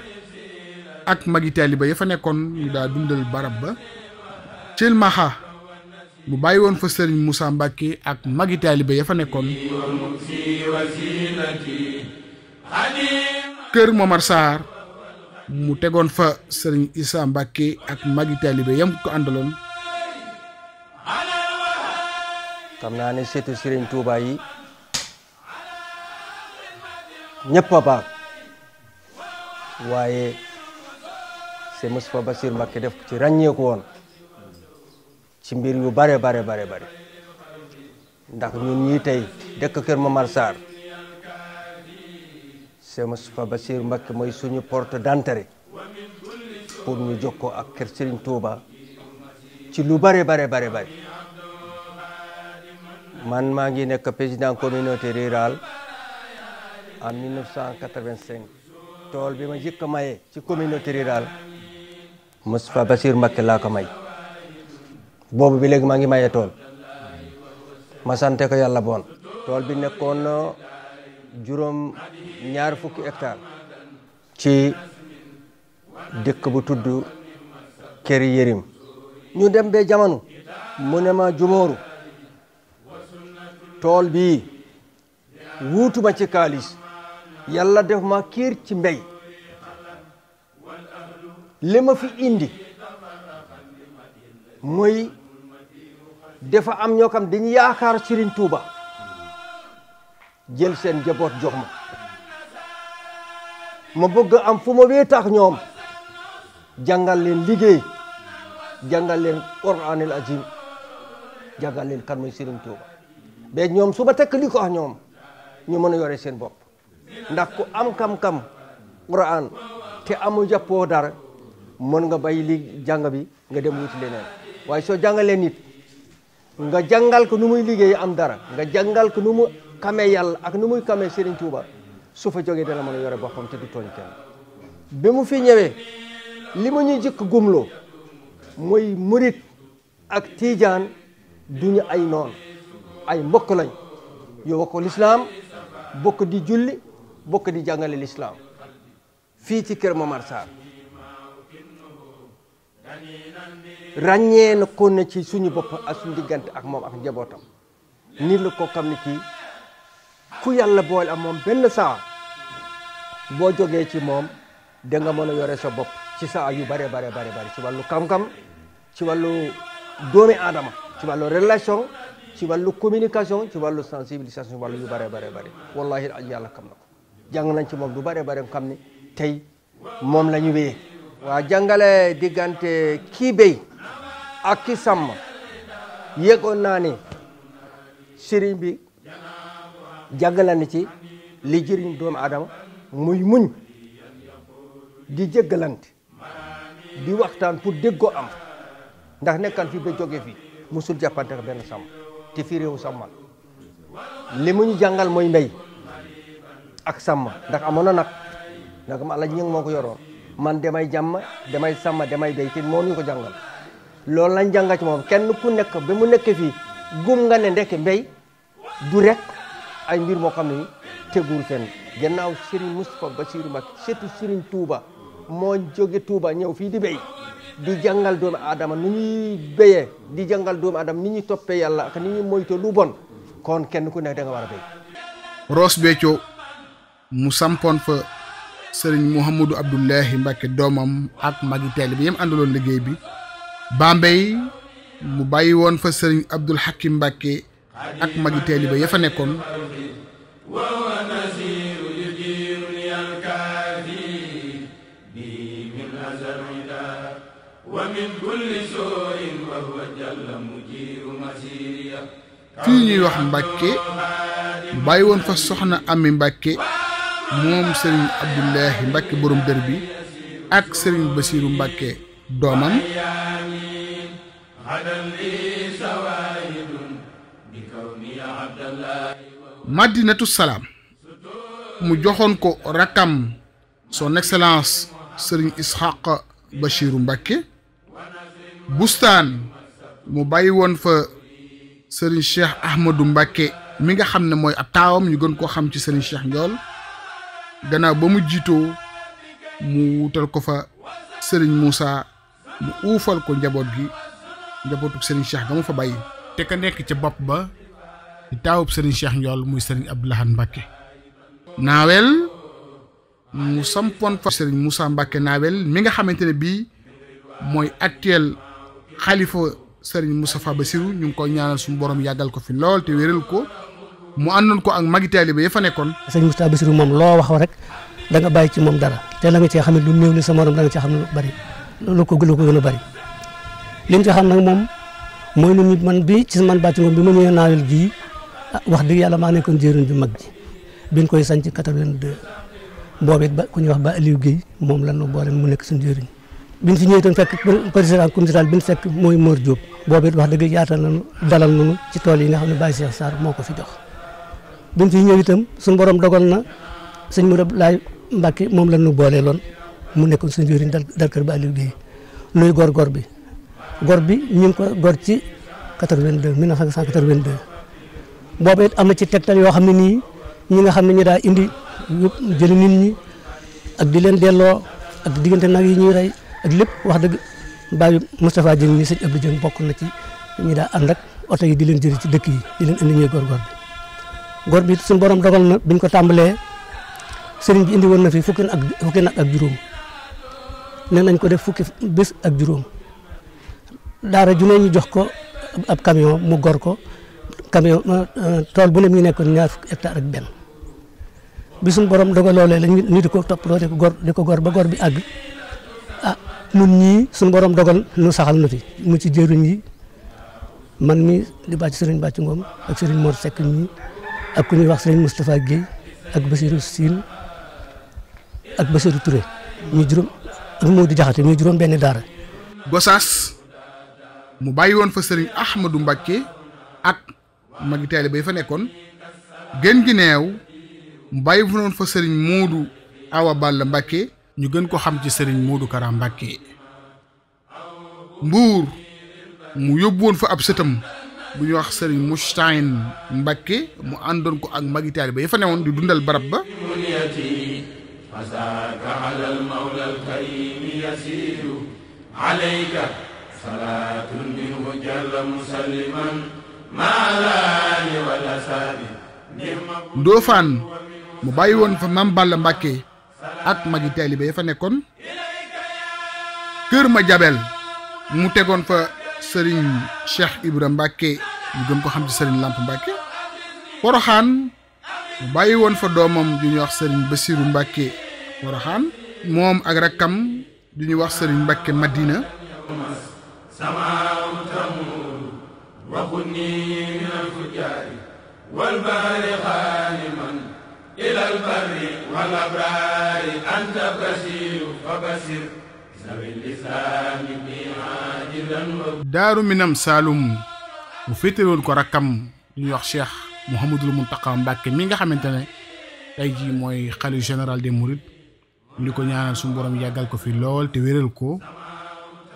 ak magi taalibe ya fa nekkoon ñu daa dundal barab ba Thiel Maha mu bàyyi woon fa sëriñ Moussa Mbacke ak magi taalibe ya fa nekkoon kër Momar Sarr mu tegoon fa sëriñ Issa Mbacke ak magi taalibe yam ko àndaloon xam naa ne seetu sëriñ Touba yi ñëpp a baax waaye c'est Moustapha Bassir Mbacke def ci ràññeeku woon ci mbir yu bare bare bare bare ndax ñu ñii tey dëkk Kër ma Sarr Cheikh Moustapha Bassir Mbacké mooy suñu porte d'entrée pour ñu jokkoo ak kër Serigne Touba ci lu bare bare bare bare man maa ngi nekk président communauté rurale en 1985 tool bi ma jëkk a maye ci communauté rural Moustapha Bassir Mbacké laa ko may boobu bi léegi maa ngi maye tool masante ko yàlla boon tool bi nekkoon juróom ñaar fukki hectare ci dikk bu tudd kër yërim ñu dem bee jamono mune ma jumóoru tool bi wuutuma ci kaalis yàlla def ma kiir ci mbey li fi indi mooy dafa am ñoo xam dañu yaakar Serigne Touba jël seen jabot jox ma ma bëgg am fu ma wéetaax ñoom jangal leen liggéey jangal leen Qur'an al azim jangal leen kan moy Serigne Touba be ñoom suba tek li ñu mëna a seen ndax ku am kam-kam Qur'an té amu jappo dara mën nga bay li jang bi nga dem wut leneen waye so jangale nit nga jàngal ko nu muy liggéey am dara nga jàngal ko nu mu kame yàlla ak nu muy kame Serigne Touba su fa jogee dana mën a yore boppam te du tooñ kenn bi mu fi ñëwee li ma ñuy jëkk gumloo mooy murit ak tiijaan duñu ay noon ay mbokk lañ yu bokk lislaam bokk di julli bokk di jàngale lislaam fii ci kër Momar Sarr ràññee na ko ne ci suñu bopp ak suñu diggante ak moom ak njabootam ni la ko xam ne kii ku yàlla bool ak moom benn saa boo jógee ci moom da nga mën a yore sa bopp ci sa yu bare bare bare bare ci wàllu xam-xam ci wàllu doomi aadama ci wàllu relation ci wàllu communication ci wàllu sensibilisation ci wàllu yu bare bare bare wallahi yàlla xam na ko jàng nañ ci moom du bare bare xam ne tey moom la ñu wéyee waa jàngale diggante kii béy ak ki sàmm yëgoon naa bi jàngale na ci li jirin doomu adam muy muñ di jéggalante di waxtan pour deggo am ndax nekkan fi be joge fi musul jappante ben sam te fi rew sàmmal li mu ñu jàngal ak sam ndax amono nak ndax ma la ñing moko yoro man demay jamma demay demay ko jangal. loolu lañ jànga ci moom kenn ku nekk ba mu nekkee fii gum nga ne ndekk mbéy du rek ay mbir moo xam ne tegul fenn gannaaw Serigne Moustapha Bassirou mag surtout Serigne Touba moo jóge Touba ñëw fii di béy di jàngal doomu aadama nu ñuy béyee di jàngal doomu aadama ni ñuy toppee yàlla ak ni ñuy moytu lu bon kon kenn ku nekk danga war a béy Ross Béthio mu sampoon fa Serigne Mouhamadou Abdoulahi Mbacké doomam ak magi teel bi yam àndaloon liggéey bi Bambey mu bàyyi woon fa sëriñ Abdul Hakim Mbàkke ak magi taaliba ya fa nekkoon fii ñuy wax Mbàkke mu bàyyi woon fa soxna Ami Mbàkke moom sëriñ Abdullahi Mbàkke borom dër bi ak sëriñ Basiiru Mbàkke doomam madinatu salaam mu joxoon ko rakkam son excellence sëriñ Ishaq Bachiru Mbàkke bustaan mu bàyyi woon fa sëriñ Cheikh Ahmadou Mbàkke mi nga xam ne mooy ab taawam ñu gën koo xam ci sëriñ Cheikh Njool gannaaw ba mu jiitoo mu wutal ko fa sëriñ Moussa mu uufal ko njaboot gi njabootuk sëriñ Cheikh ga mu fa bàyyi te ka nekk ca bopp ba di taawub sëriñ Cheikh njool muy sëriñ ab Lahad Mbacke naawel mu sampoon fa sëriñ Moussa Mbacke naawel mi nga xamante ne bii mooy actuel xalifa sëriñ faa Bassirou ñu ngi koy ñaanal suñu borom yàggal ko fi lool te wéral ko mu àndoon ko ak magi taalibe ya fa nekkoon. sëriñ Moustapha Bassirou moom loo wax rek da nga bàyyi ci moom dara te la nga cee xam ne lu néew ni sa morom da nga lu ko lu ko gën a bëri li ñu ci xam nag moom mooy nu nit man bi ci man bàcc ngoom bi ma ñëwee naawel gii ah, wax dëgg yàlla maa nekkoon jëriñ ju mag ji biñ koy sañ ci 82 boobu it ba ku ñuy wax ba Aliou Guèye moom lan nu mu nekk suñu jëriñ biñ fi ñëwee itam fekk président communal biñ fekk mooy Mor Diop boobu wax dëgg yaatal nañu dalal nañu ci tool yi nga xam ne Baye Cheikh saar moo ko fi jox biñ fi ñëw itam suñu borom dogal na sëñ Mourad Laay Mbacke moom lan nu boole loon mu nekkoon suñu jëriñ dal dal kër bi Aliou Guèye nuy gor gor bi gor bi ñu ngi ko gor ci 82 1982 boobu it am na ci tegtal yoo xam ne nii ñi nga xam ne ñi daa indi jëli nit ñi ak di leen delloo ak diggante nag yi ñuy rey ak lépp wax dëgg baayu Moustapha Dieng ñi sëñ Abdou Dieng bokk na ci ñi daa ànd ak oto yi di leen jëri ci dëkk yi di leen indi ñuy gor gor bi gor bi suñu borom dogal na biñ ko tàmbalee sëriñ bi indi woon na fi fukki ak fukki nag ak juróom ne nañ ko def fukki bés ak juróom daara ju ne ñu jox ko ab camion mu gor ko camion euh, tool bu ne mi nekkoon ñaar fukki hectare ak benn bisum borom dogal loolee la di ko toppatoo di ko ko gor ba gor bi àgg ah nun ñii suñu borom dogal nu saxal nu mu ci jëriñ yi man mi di bàcc sëriñ Bàcc Ngom ak sëriñ Mor ñii ak ku ñuy wax sëriñ Moustapha Guèye ak Bassirou Sine ak Bassirou Touré ñu juróom ak Modou Diakhaté muy juróom benn daara Gosaas mu bàyyi woon fa sëriñ Ahmadou Mbacke ak magi taalibe yi fa nekkoon gën gi neew mu bàyyi woon fa sëriñ Modou Awa Balla Mbacke ñu gën ko xam ci sëriñ Modou Kara Mbacke mbuur mu yóbbu woon fa ab sëtam bu ñuy wax sëriñ Moustahine Mbacke mu àndoon ko ak magi taalibe yi fa newoon di dundal barab ba أزاك على المولى الكريم يسير عليك صلاة منه جل مسلما ما لا ولا ndofan دوفان مبايون فمن fa mam balla mbàkke ak magi taalibe ya fa nekkoon kër ma jabel mu fa cheikh ñu ko xam ci lamp ورحان موم اك ركام دي ني مدينه سما تمور وخني من الفجار والبحر غانما الى البر والابرار انت بشير فبشر دار منام سالم وفيتلون كراكم نيوخ شيخ محمد المنتقى مباكي ميغا خامتاني تايجي موي خالي جنرال دي موريد di ko ñaanal suñu borom yàggal ko fi lool te wéral ko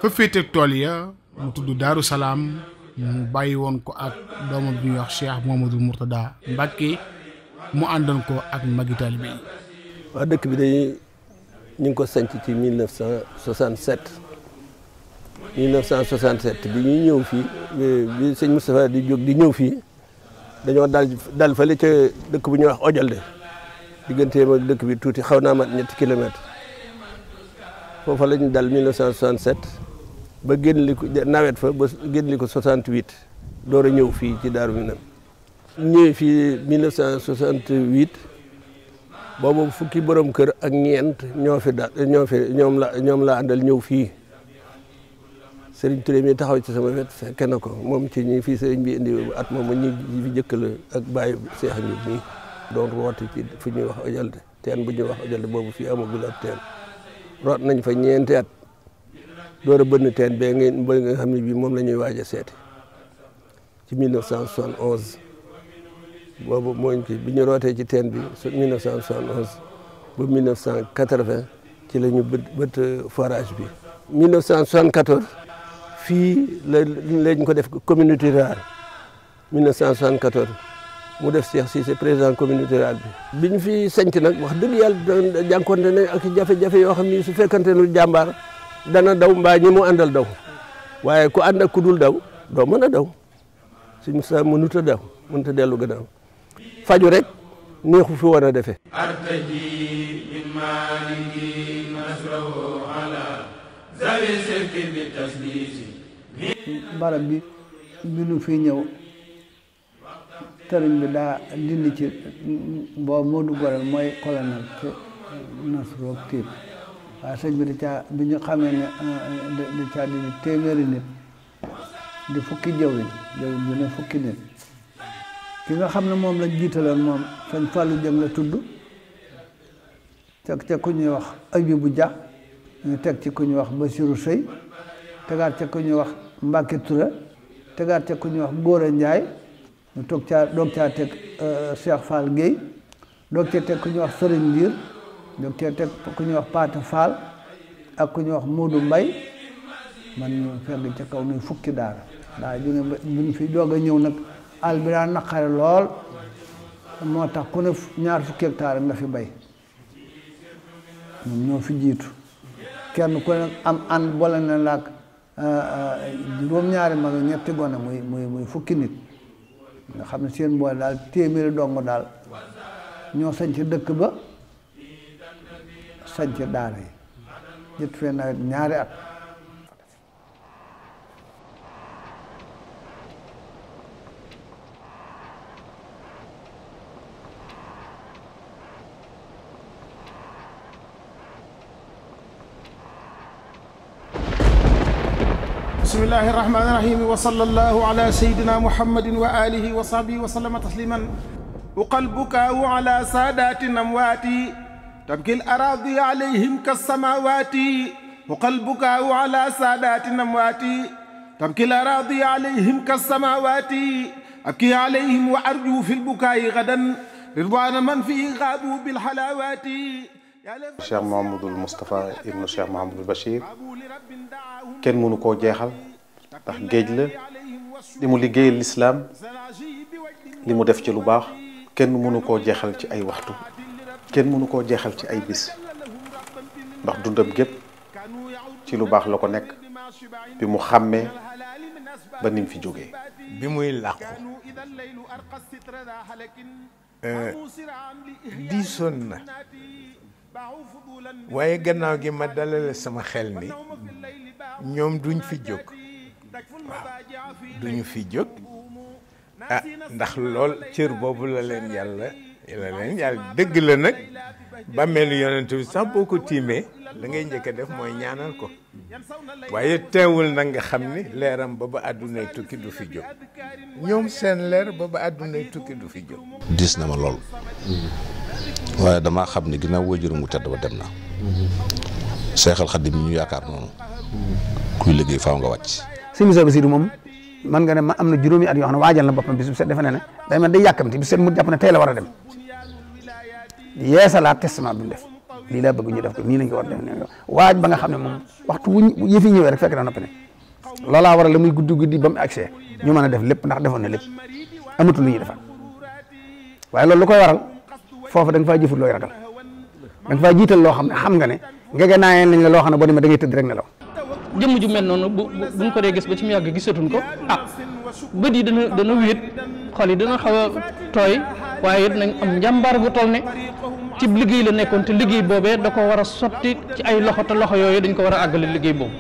fa féeteeg tool ya mu tudd daaru salaam mu bàyyi woon ko ak doomu bi ñuy wax cheikh mohamadou murtada mbàkke mu àndoon ko ak magi taalibe yi waa dëkk bi day ñu ngi ko sanc ci 1967 1967 bi ñuy ñëw fii bi sëñ Moustapha di jóg di ñëw fii dañoo dal dal fële ca dëkk bu ñuy wax Ojalde diggante ak dëkk bi tuuti xaw naa mat ñetti kilomètre foofa la ñu dal 1967 ba génn ko nawet fa ba génn li ko 68 door a ñëw fii ci Daaru na ñëwee fii 1968 boobu fukki borom kër ak ñeent ñoo ñoom la ñoom la àndal ñëw fii sëriñ Touré mi taxaw ci sama wet fekke na ko moom ci ñi fii sëriñ bi indi at moom mu ñu fi jëkk la ak bàyyi seex ñi doon rooti ci fu ñuy wax Odiolde teen bu ñuy wax Odiolde boobu fii amagul ab teen root nañ fa ñeenti at door a teen bee ngeen bëri nga xam ne bii moom la ñuy waaj a seeti ci 1971 boobu mooñ ki bi ñu rootee ci teen bi su 1971 ba 1980 ci la ñu bët bët euh, forage bi. 1974 fii la lañ ko def communauté rurale 1974. mu def Cheikh Cissé président communauté rurale bi. bi ñu fi sanc nag wax dëgg yàlla jànkonte ne ak jafe-jafe yoo xam ni su fekkante ne jàmbaar dana daw mbaa ñi mu àndal daw waaye ko ànd ak ku dul daw doo mën a daw suñu sa mënut a daw mënut a dellu gannaaw faju rek neexu fi war a defee. barab bi bi nu fi ñëw. sëriñ bi daa dindi ci boobu moo du goreel mooy colonel ci nasroog tiib waaye sëñ bi da caa bi ñu xamee ne euh, da caa dindi téeméeri nit di fukki jawwin jawwin bi ne fukki nit ki nga xam ne moom lañ jiitaloon moom sëñ Fallou Dieng la tudd teg ca ku ñuy wax bu Ja ñu teg ci ku ñuy wax Basiru Sëy tegaat ca ku ñuy wax Mbàkke Ture tegaat ca ku ñuy wax Góora Njaay ñu toog caa doog caa teg euh, Cheikh Fall Guèye doog cee teg ku ñuy wax Serigne Ndiir doog cee teg ku ñuy wax paate Fall ak ku ñuy wax Modou mbay man ñu fegg ca kaw nuy fukki daara daa fi doog a ñëw nag àll bi daa lool moo tax ku ne ñaar fi bay ñoom ñoo kenn ku ne am euh, euh, juróom-ñaari mag ñetti gone muy muy fukki nit nga xam ne seen mboole daal téeméeri dong daal ñoo sañc dëkk ba sañc daara yi jët fee nawet ñaari at الله الرحمن الرحيم وصلى الله على سيدنا محمد وآله وصحبه وسلم تسليما وقلبك على سادات النموات تبكي الأراضي عليهم كالسماوات وقلبك على سادات النموات تبكي الأراضي عليهم كالسماوات أبكي عليهم وأرجو في البكاء غدا رضوان من في غابوا بالحلاوات cheikh Mouhamadul Moustapha ibnu cheikh Mouhamadul Bachir kenn mënu koo jeexal ndax géej la li mu liggéeyal lislaam li mu def ci lu baax kenn mënu koo jeexal ci ay waxtu kenn mënu koo jeexal ci ay bis ndax dundam gépp ci lu baax la ko nekk bi mu xàmmee ba nim fi jóge bi muy làqu euh, diisoon na waaye gannaaw gi ma dalale sama xel ni ñoom duñ fi jóg duñu fi jóg ah ndax lool cër boobu la leen yàlla la leen yàlla dëgg la nag bàmmeelu yonent bi sax boo ko tiimee la ngay njëkk def mooy ñaanal ko waaye teewul nag nga xam ni leeram ba ba àddunay tukki du fi jóg ñoom seen leer ba ba àddunay tukki du fi jóg. dis na ma lool. waaye damaa xam ni ginnaaw wajuram wu tedd ba dem na. seexal xaddim ñu yaakaar noonu. kuy liggéey faaw nga wàcc. sëñ Musaa Basiru moom mën nga ne ma am na juróomi at yoo xam ne waajal na boppam bis bu set defe ne ne day man day yàkkamti bis set mu jàpp ne tey la war a dem yeesalaat testament bi mu def lii laa bëgg ñu def ko lañ ko war a def ba nga xam ne moom waxtu wuñ yëfi ñëwee rek fekk na noppi ne loolaa waral la muy guddi guddi ba mu accès ñu mën a def lépp ndax defoon na lépp amatul lu ñuy defal waaye loolu lu koy waral foofu da nga faa jëfut looy ragal da nga faa jiital loo xam ne xam nga ne ngege naayeen lañ la loo xam ne boo demee da ngay tëdd rek nelaw jëmm ju mel noonu bu buñ ko dee gis ba ci mu yàgg gisatuñ ko ah bët yi dana dana wéet xol yi dana xaw a tooy waaye it nañ am njàmbaar bu toll ne ci liggéey la nekkoon te liggéey boobee da ko war sotti ci ay loxo te loxo yooyu dañ ko war a àggale liggéey boobu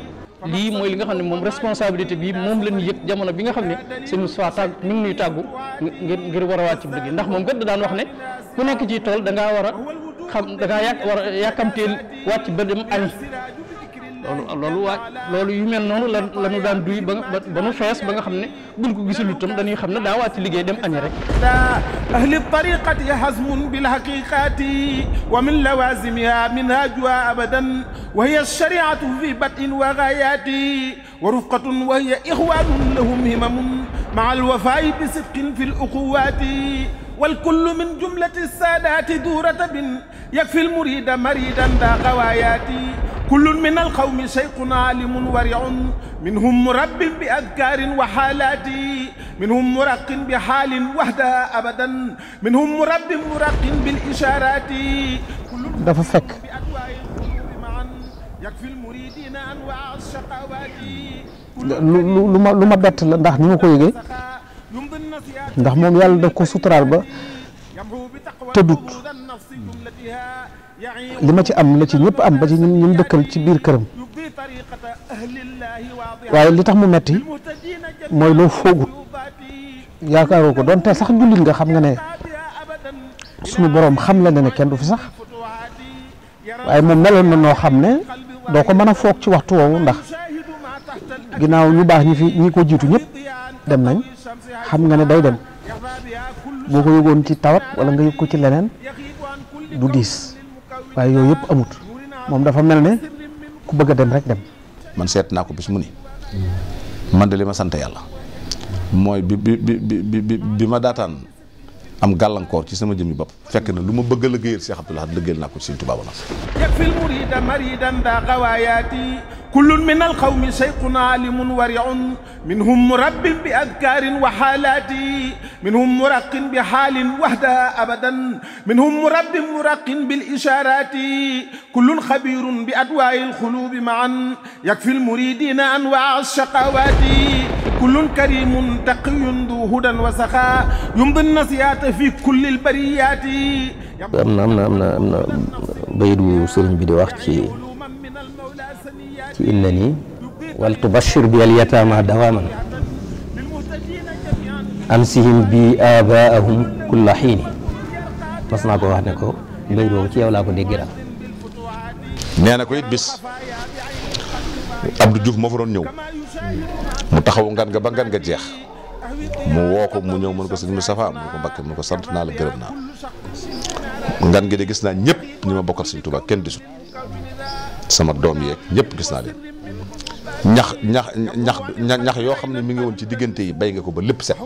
lii mooy li nga xam ne moom responsabilité bi moom la ñu yëg jamono bi nga xam ne sëñ Moustapha tàgg ñu ngi ñuy tàggu ngir ngir war a wàcc liggéey ndax moom gën da daan wax ne ku nekk ci tool da ngaa war a xam da ngaa war a yàkkamteel wàcc ba dem ani أهل الطريقة حزم بالحقيقة ومن لوازمها من أبدا وهي الشريعة في بدء وغايات ورفقة وهي إخوان لهم همم مع الوفاء بصدق في الأخوات والكل من جملة السادات دورة رتب يكفي المريد مريدا ذا غواياتي كل من القوم شيخنا عالم ورع منهم مرب بأذكار وحالات منهم مرق بحال وحدة أبدا منهم مرب مرق بالإشارات ده فك يكفي المريدين أنواع الشقاوات لما لما بات لا ndax nima ko yegge ndax mom yalla daf ko sutural li ma ci am la ci ñëpp am ba ci ñun dëkkal ci biir këram waaye li tax mu metti mooy loo foogut yaakaaroo ko donte sax jullit nga xam nga ne suñu boroom xam la ne ne kenn du fi sax waaye moom meloon na noo xam ne doo ko mën a foog ci waxtu woowu ndax ginnaaw ñu baax ñi fi ñi ko jiitu ñépp dem nañ xam nga ne day dem boo ko yëgoon ci tawat walla nga yëg ko ci leneen du diis waaye yooyu yëpp amut moom dafa mel ne ku bëgg a dem rek dem. man seet naa ko bis mu ni man de li ma sant yàlla mooy bi bi bi bi bi ma daataan am gàllankoor ci sama jëmmi bopp fekk na lu ma bëgg a liggéeyal Cheikh Abdoul Ahad liggéeyal naa ko Sëriñ Tuubaa ba nas yakfi lmurida maridan da gawayaati kullun min alqawmi shaykhun alimun wariun minhum murabbin bi adkarin wa halati minhum muraqin bi halin wahda abadan minhum murabbin muraqin bil isharati kullun khabirun bi adwa'i alqulubi ma'an yakfi almuridina anwa' alshaqawati kullun karimun taqiyun du hudan wa saxa yumdi nasiata في كل البريات امنا امنا امنا بيدو سيرن بي دي واخ تي انني ولتبشر باليتامى دواما امسهم بآباءهم كل حين بس ناكو واخ نكو بيدو تي يولا كو ديغرا نانا كو يت بس عبد الجوف ما فرون نيو مو تخاو غان غا با غان غا جيخ mu woo ko mu ñëw mën ko sëñ Moustapha mu ko Mbàkke mu ko sant naa la gërëm naa ngan gi de gis naa ñëpp ñi ma bokkal sëñ Tuubaa kenn disut sama doom yeeg ñëpp gis naa leen ñax ñax ñax ñax ñax yoo xam ne mi ngi woon ci diggante yi bay nga ko ba lépp set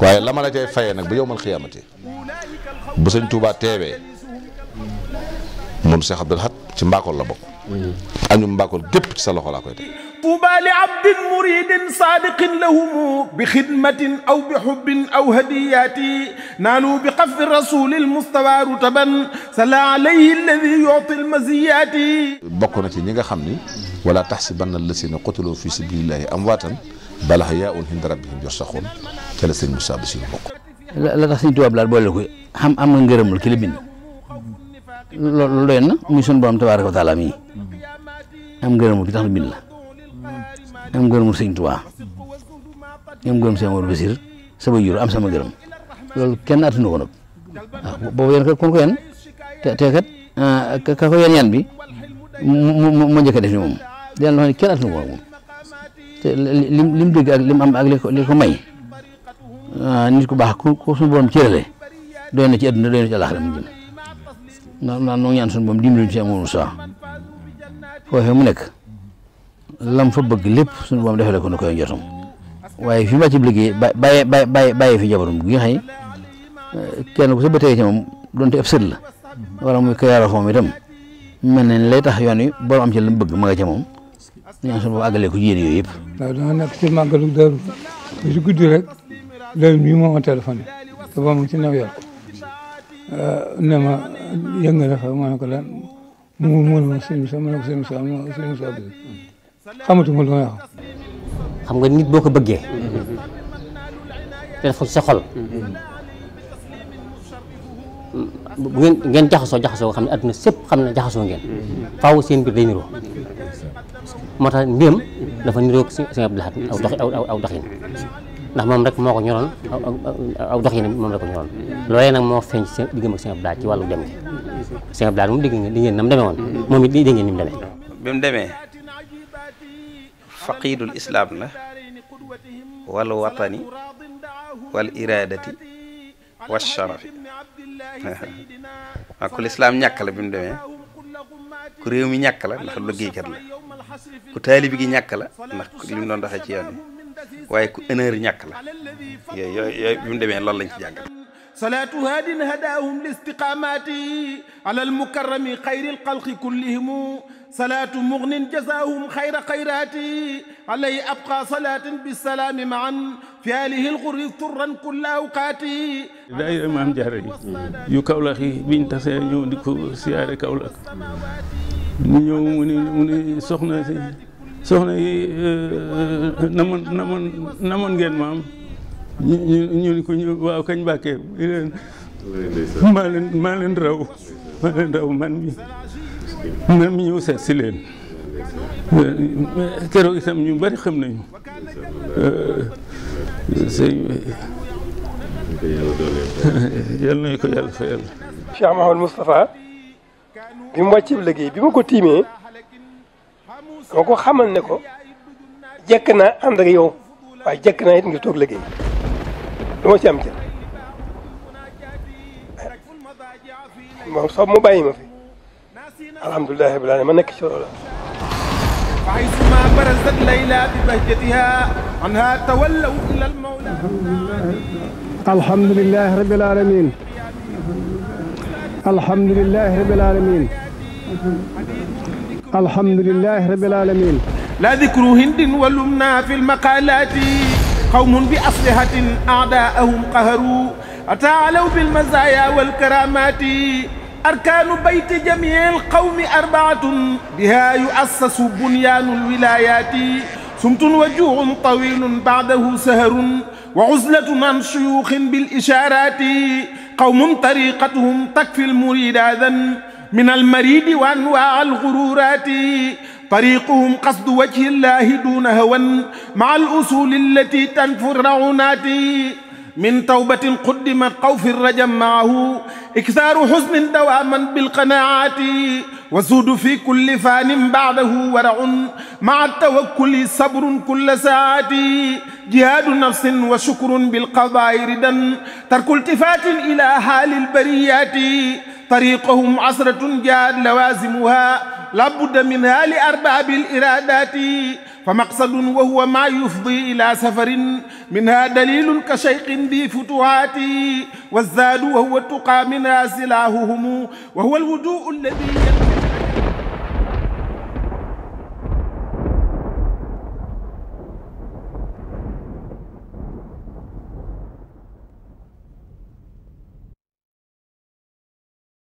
waaye la ma la cay fayee nag ba yow man xiyaamati bu sëñ Tuubaa teewee moom Cheikh Abdoul Ahad ci mbaakool la bokk. Mm. añu mbaakool gépp ci sa loxo laa koy teg. طوبى لعبد مريد صادق لهم بخدمة أو بحب أو هديات نالوا بقف الرسول المستوى رتبا سلا عليه الذي يعطي المزيات بقنا تي خمني ولا تحسبن الذين قتلوا في سبيل الله امواتا بل هياء عند ربهم يرزقون تلا سيغ موسى بسي بوك لا تخ سيغ تواب لا بولكو xam am nga ngërëmul ki li bind loolu doy na muy sun borom tabaraka wa taala mi am ngërëmul ki tax bind la dem ngóor mu sëñ Tuubaa dem ngóor mu sëñ Amadu Basiir am sama gërëm loolu kenn atunu ko nag waaw ah, boobu yéen kat kon ko yéen te ah, ka ko yéen yan bi mu mu mu njëkk a def ni moom lim lim ak lim am ak li ko li ko may ah, nit ku baax ku ko suñu borom cërale doy na ci àdduna doy na ci àllaaxira mu jëm naan noo ñaan suñu borom dimbali ñu ci amoon saa mu nekk. lam fa bëgg lépp suñu moom defale ko nu koy njortam waaye fi ma ci liggéey ba bàyyi bàyyi fi jabaram gi nga xam ne eh, kenn ku si ba tey ci moom donte ab la wala mu ko yaara foom itam na ni lay tax yoon wi borom am ci lam bëgg ma nga ca moom ñaan suñu boobu àggalee ko yéen yooyu yëpp waaw dama nekk si màggalu Daaru bi si guddi rek loolu mii moo ma téléphoné te boo mu ci new york eh, mu mun ma sëñ bi sax ma ne ko sëñ bi sax ma sëñ bi sax xamatuma lu may xam nga nit boo ko bëggee. te deful sa xol. bu ngeen ngeen jaxasoo jaxasoo xam ne adduna sëpp xam jaxasoo ngeen. faw seen mbir day niroo. moo tax mbiyam dafa niroo si si Abdou Lahad aw dox aw aw doxin ndax moom rek moo ko ñoroon aw doxin moom rek ko ñoroon loolee nag moo feeñ si diggam ak si Abdou Lahad ci wàllu dem gi. si Abdou Lahad moom dégg ngeen li ngeen nam demee woon. moom it dégg ngeen ni mu demee. bi mu demee. faqiidul islaam la wal watani wal iraadati wa sharafi waaw ku lislaam ñàkk la bi mu demee ku réew mi ñàkk la ndax liggéeykat la ku taalibi gi ñàkk la ndax li mu doon doxee ci yoon yi waaye ku honneur ñàkk la yooyu yooyu bi mu demee loolu lañ ci jàngal salaatu haadin hadaahum li istiqaamaati ala almukarrami xayri alxalqi kullihim صلاة مغن جزاهم خير خيراتي علي أبقى صلاة بالسلام معا في آله الغر ثرا كل أوقاتي داير إمام جهري يو كولاخي بنت سينيو ديكو سيارة كولاك نيو مني مني سخنا سي soxna yi namoon namoon namoon ngeen maam ñu ñu ñu ko ñu waaw kañ bàkkee leen maa leen maa leen même ñëw seet si leen keroog itam ñu bari xam nañu euh, sëñ yal nañu ko yàlla fa yàlla Cheikh Mahamadou Moustapha bi mu wàccib liggéey bi ma ko tiimee moo ko xamal ne ko jekk naa ànd ak yow waaye jekk naa it ngir toog liggéey du ma am ca الحمد لله رب العالمين منك شغل ما برزت ليلى ببهجتها عنها تولوا الى المولى الحمد لله رب العالمين الحمد لله رب العالمين الحمد لله رب العالمين لا ذكر هند ولمنا في المقالات قوم بأصلحة أعداءهم قهروا أتعالوا بالمزايا والكرامات أركان بيت جميع القوم أربعة بها يؤسس بنيان الولايات سمت وجوع طويل بعده سهر وعزلة عن شيوخ بالإشارات قوم طريقتهم تكفي المريد أذى من المريد وأنواع الغرورات طريقهم قصد وجه الله دون هوى مع الأصول التي تنفر عناتي من توبة قدمت قوف الرجا معه إكثار حزن دواما بالقناعات وزود في كل فان بعده ورع مع التوكل صبر كل ساعات جهاد نفس وشكر بالقضاء ردا ترك التفات إلى حال البريات طريقهم عسرة جاد لوازمها لابد منها لأرباب الإرادات فمقصد وهو ما يفضي إلى سفر منها دليل كشيق ذي فتوات والزاد وهو التقى منها سلاههم وهو الهدوء الذي يلقى